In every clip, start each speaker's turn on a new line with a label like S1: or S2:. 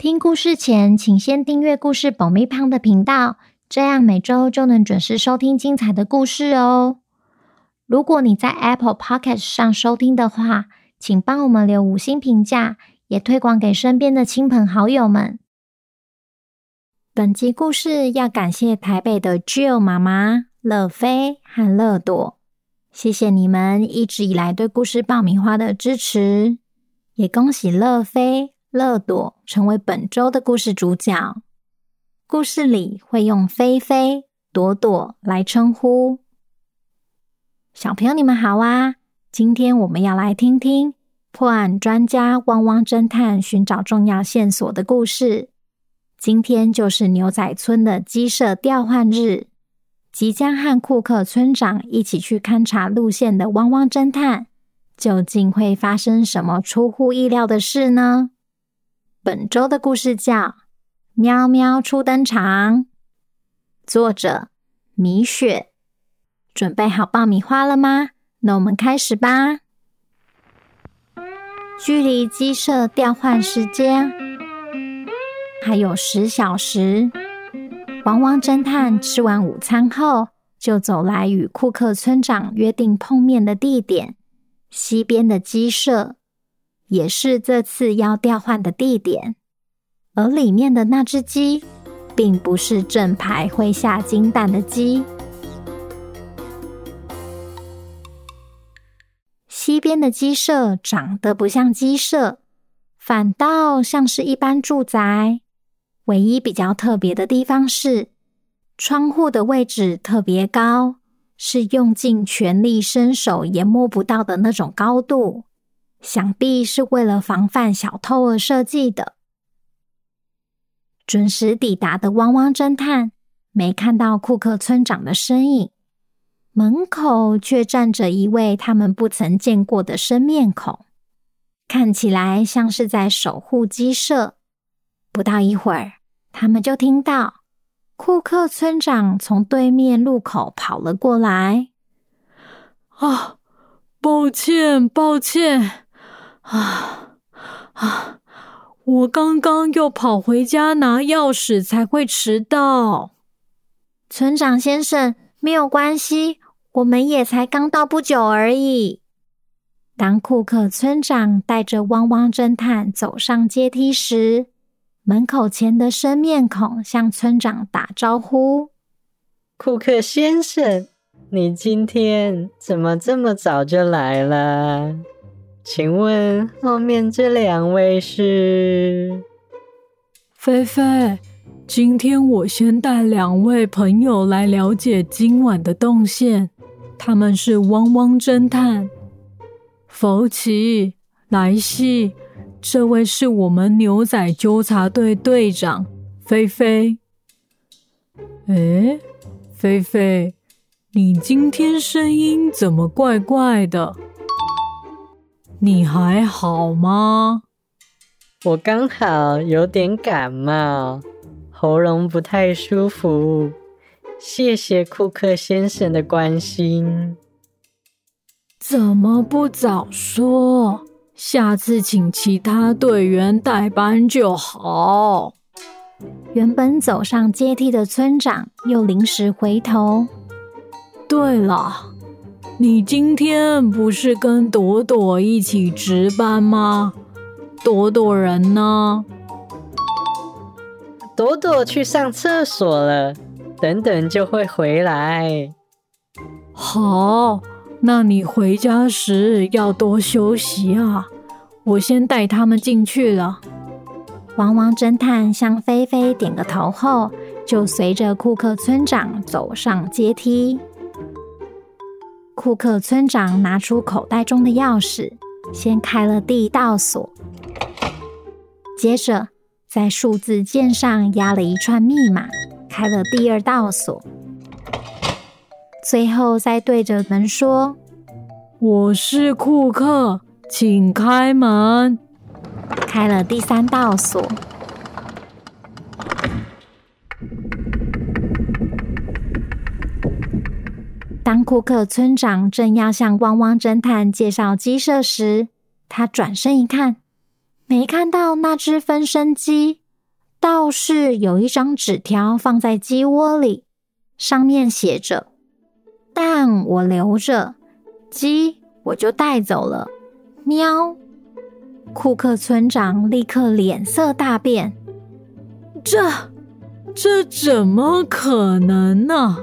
S1: 聽故事前，請先訂閱故事爆米花的頻道，這樣每周就能準時收聽精彩的故事哦。如果你在 Apple Podcast 上收聽的話，請幫我們留五星評價，也推廣給身邊的親朋好友們。本集故事要感謝台北的 Jill 媽媽、樂飛和樂朵，謝謝你們一直以來對故事爆米花的支持，也恭喜樂飛。樂朵成為本周的故事主角。故事裡會用菲菲、朵朵來稱呼。小朋友你們好啊，今天我們要來聽聽破案專家汪汪偵探尋找重要線索的故事。今天就是牛仔村的雞舍調換日，即將和庫克村長一起去勘察路線的汪汪偵探，究竟會發生什麼出乎意料的事呢？本周的故事叫《喵喵初登場》，作者米雪。準備好爆米花了嗎？那我們開始吧。距離雞舍調換時間還有十小時，汪汪偵探吃完午餐後就走來與庫克村長約定碰面的地點——西邊的雞舍。也是這次要調換的地點，而裡面的那隻雞，並不是正牌會下金蛋的雞。西邊的雞舍長得不像雞舍，反倒像是一般住宅。唯一比較特別的地方是，窗戶的位置特別高，是用盡全力伸手也摸不到的那種高度。想必是為了防範小偷而設計的。準時抵達的汪汪偵探沒看到庫克村長的身影，門口卻站着一位他們不曾見過的生面孔，看起來像是在守護雞舍。不到一會兒，他們就聽到庫克村長從對面路口跑了過來。啊，抱歉，抱歉。啊啊！我剛剛又跑回家拿鑰匙，才會遲到。村長先生，沒有關係，我們也才剛到不久而已。當庫克村長帶着汪汪偵探走上階梯時，門口
S2: 前的生面孔向村長打招呼：“庫克先生，你今天怎麼這麼早就來了？”請問後面這兩位是？菲菲，今天我先帶兩位朋友來了解今晚
S1: 的動線。他們是汪汪偵探，弗奇、萊西。這位是我們牛仔糾察隊隊長，菲菲。誒，菲菲，
S2: 你今天聲音怎麼怪怪的？你還好嗎？我剛好有點感冒，喉嚨不太舒服。謝謝庫克先生的關心。怎麼不早說？下次請其他隊員代班就好。
S1: 原本走上階梯的村長又臨時回頭。對了。你今天不是跟朵朵一起
S2: 值班嗎？朵朵人呢？朵朵去上廁所了，等等就會回來。好，那你回家時要多休息
S1: 啊。我先帶他們進去了。汪汪偵探向菲菲點個頭後，就隨着庫克村長走上階梯。庫克村長拿出口袋中的鑰匙，先開了第一道鎖，接着在數字鍵上壓了一串密碼，開了第二道鎖，最後再對着門說：“我是庫克，請開門。”開了第三道鎖。當庫克村長正要向汪汪偵探介紹雞舍時，他轉身一看，沒看到那隻分身雞，倒是有一張紙條放在雞窩裡，上面寫着：“蛋我留着，雞我就帶走了。”喵！庫克村長立刻臉色大變，這這怎麼可能呢、啊？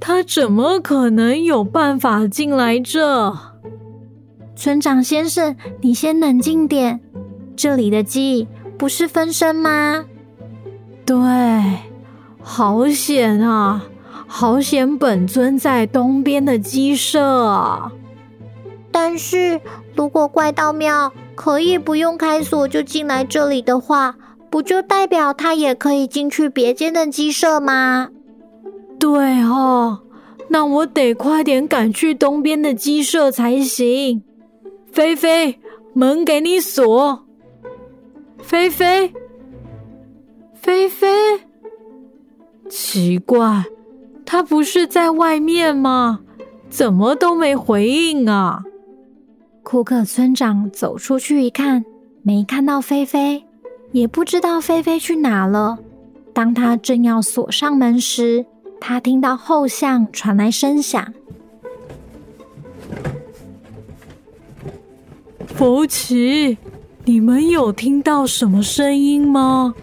S1: 他怎麼可能有辦法進來這？這村長先生，你先冷靜點。這裡的雞不是分身嗎？對，好險啊！好險，本尊在東邊的雞舍啊。但是如果怪盜喵可以不用開鎖就進來這裡的話，不就代表他也可以進去別間的雞舍嗎？對哦，那我得快點趕去東邊的雞舍才行。菲菲，門給你鎖。菲菲，菲菲，奇怪，他不是在外面嗎？怎麼都沒回應啊？庫克村長走出去一看，沒看到菲菲，也不知道菲菲去哪了。當他正要鎖上門時，他聽到後巷傳來聲響。福奇，你們有聽到什麼聲音嗎？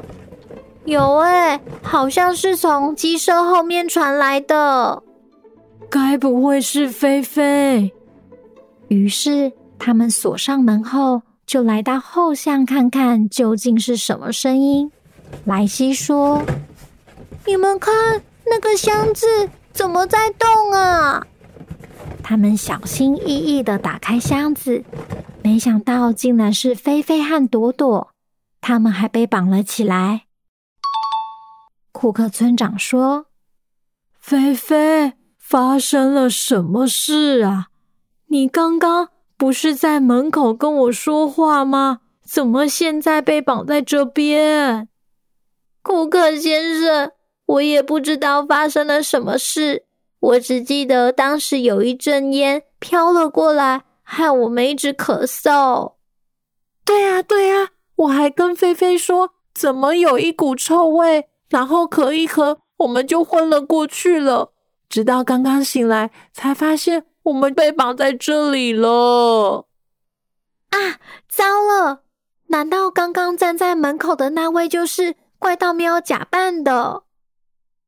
S1: 有哎、欸，好像是從雞舍後面傳來的。該不會是菲菲？於是他們鎖上門後，就來到後巷看看究竟是什麼聲音。萊西說：“你們看。”那個箱子怎麼在動啊？他們小心翼翼地打開箱子，沒想到竟然是菲菲和朵朵，他們還被綁了起來。庫克村長說：“菲菲，發生了什麼事啊？你剛剛不是在門口跟我說話嗎？怎麼現在被綁在這邊？”庫克先生。我也不知道發生了什麼事，我只記得當時有一陣煙飄了過來，害我們一直咳嗽。對呀，對呀，我還跟菲菲說怎麼有一股臭味，然後咳一咳，我們就昏了過去了。直到剛剛醒來，才發現我們被綁在這裡了。啊，糟了！難道剛剛站在門口的那位就是怪盜喵假扮的？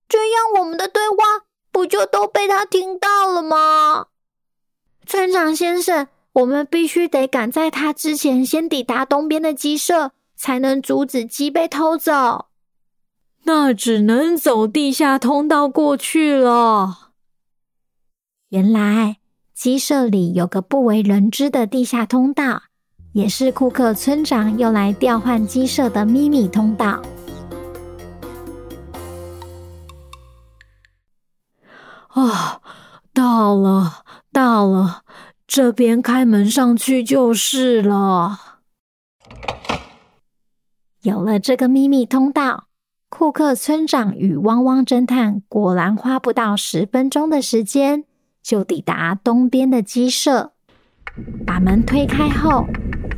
S1: 這樣，我們的對話不就都被他聽到了嗎？村長先生，我們必須得趕在他之前，先抵達東邊的雞舍，才能阻止雞被偷走。那只能走地下通道過去了。原來，雞舍裡有個不為人知的地下通道，也是庫克村長用來調換雞舍的秘密通道。啊，到了，到了，這邊開門上去就是了。有了這個秘密通道，庫克村長與汪汪偵探果然花不到十分鐘的時間就抵達東邊的雞舍。把門推開後，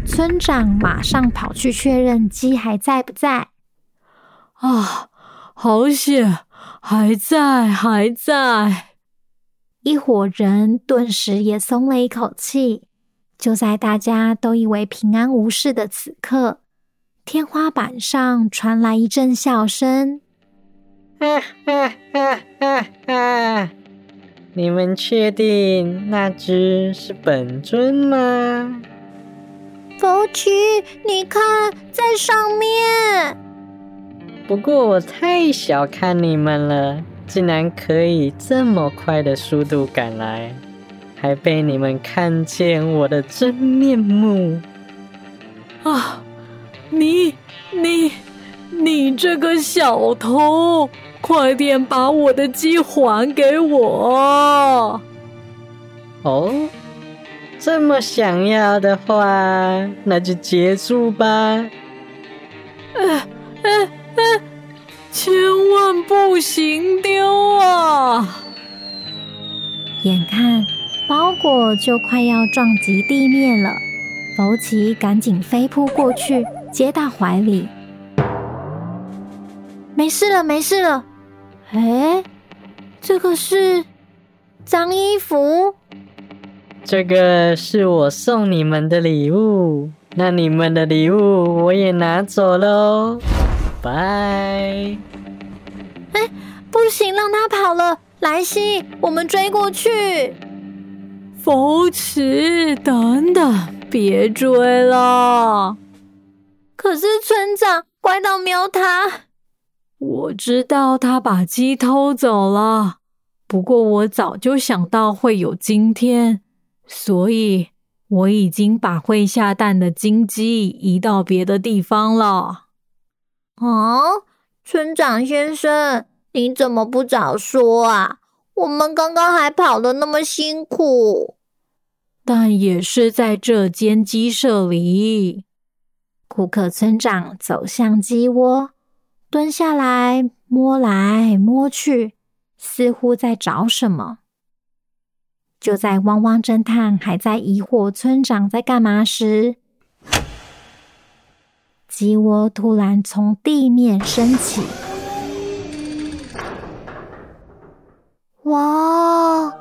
S1: 村長馬上跑去確認雞還在不在。啊，好險，還在，還在。一夥人頓時也鬆了一口氣。就在大家都以為平安無事的此刻，天花板上傳來一陣
S2: 笑聲：“哈哈哈哈哈！你們確定那只是本尊嗎？”
S1: 佛
S2: 曲，你看，在上面。不過我太小看你們了。竟然可以這麼快的速度趕來，還被你們看見我的真面目
S1: 啊！你、你、你這個
S2: 小偷，快點把我的雞還給我！哦，這麼想要的話，那就結束吧。不行，丟啊！
S1: 眼看包裹就快要撞擊地面了，福奇趕緊飛撲過去，接到懷裡。沒事了，沒事了。哎，這個是髒衣服。
S2: 這個是我送你們的禮物，那你們的禮物我也拿走咯。拜。Bye 哎，不行，讓他跑了！萊西，我們追
S1: 過去。福奇，等等，別追了。可是村長怪盜喵他。我知道他把雞偷走了，不過我早就想到會有今天，所以我已經把會下蛋的金雞移到別的地方
S2: 了。
S1: 哦。村長先生，你怎麼不早說啊？我們剛剛還跑得那麼辛苦。但也是在這間雞舍裡。庫克村長走向雞窩，蹲下來摸來摸去，似乎在找什麼。就在汪汪偵探還在疑惑村長在幹嘛時，雞窩突然從地面升起，哇！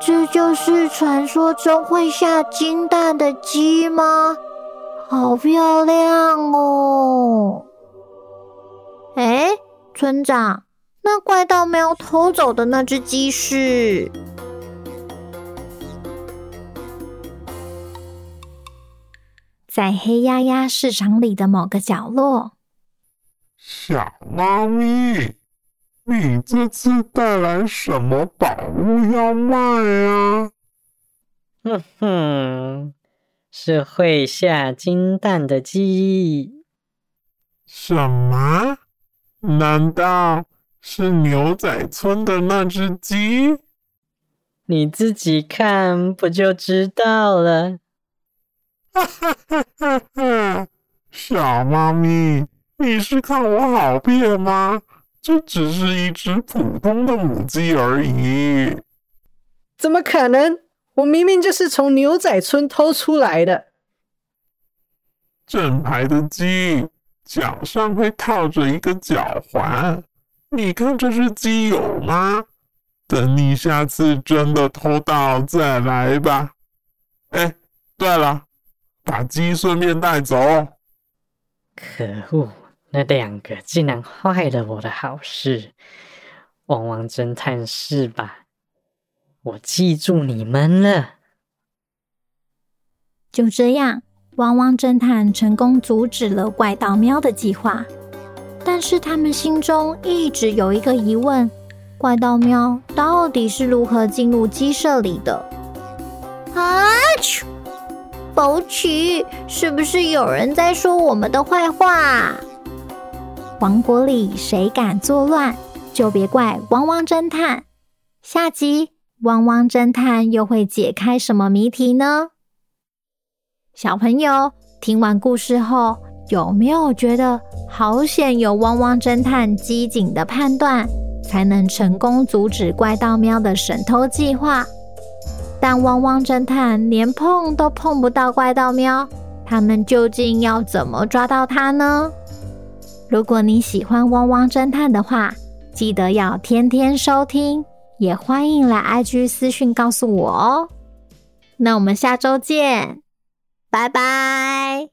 S1: 這就是傳說中會下金蛋的雞嗎？好漂亮哦！哎，村長，那怪盜喵偷走的那隻雞是？在黑壓壓市場裡的某個角落，
S2: 小貓咪，你這次帶來什麼寶物要賣呀、啊？哼哼，是會下金蛋的雞。什麼？難道是牛仔村的那隻雞？你自己看不就知道了。哈哈哈！哈哈，小貓咪，你是看我好騙嗎？這只是一隻普通的母雞而已。怎麼可能？我明明就是從牛仔村偷出來的。正牌的雞腳上會套着一個腳環，你看這只雞有嗎？等你下次真的偷到再來吧。哎，對了。把雞順便帶走！啊！可惡，那兩個竟然壞了我的好事！汪汪偵探是吧？我記住你們了。就這樣，
S1: 汪汪偵探成功阻止了怪盜喵的計劃。但是他們心中一直有一個疑問：怪盜喵到底是如何進入雞舍裡的？
S2: 啊！
S1: 否起，是不是有人在說我們的壞話？王國裡誰敢作亂，就別怪汪汪偵探。下集汪汪偵探又會解開什麼謎題呢？小朋友聽完故事後，有沒有覺得好險？有汪汪偵探機警的判斷，才能成功阻止怪盜喵的神偷計劃。但汪汪偵探連碰都碰不到怪盜喵，他們究竟要怎麼抓到他呢？如果你喜歡汪汪偵探的話，記得要天天收聽，也歡迎來 IG 私訊告訴我哦。那我們下週見，拜拜。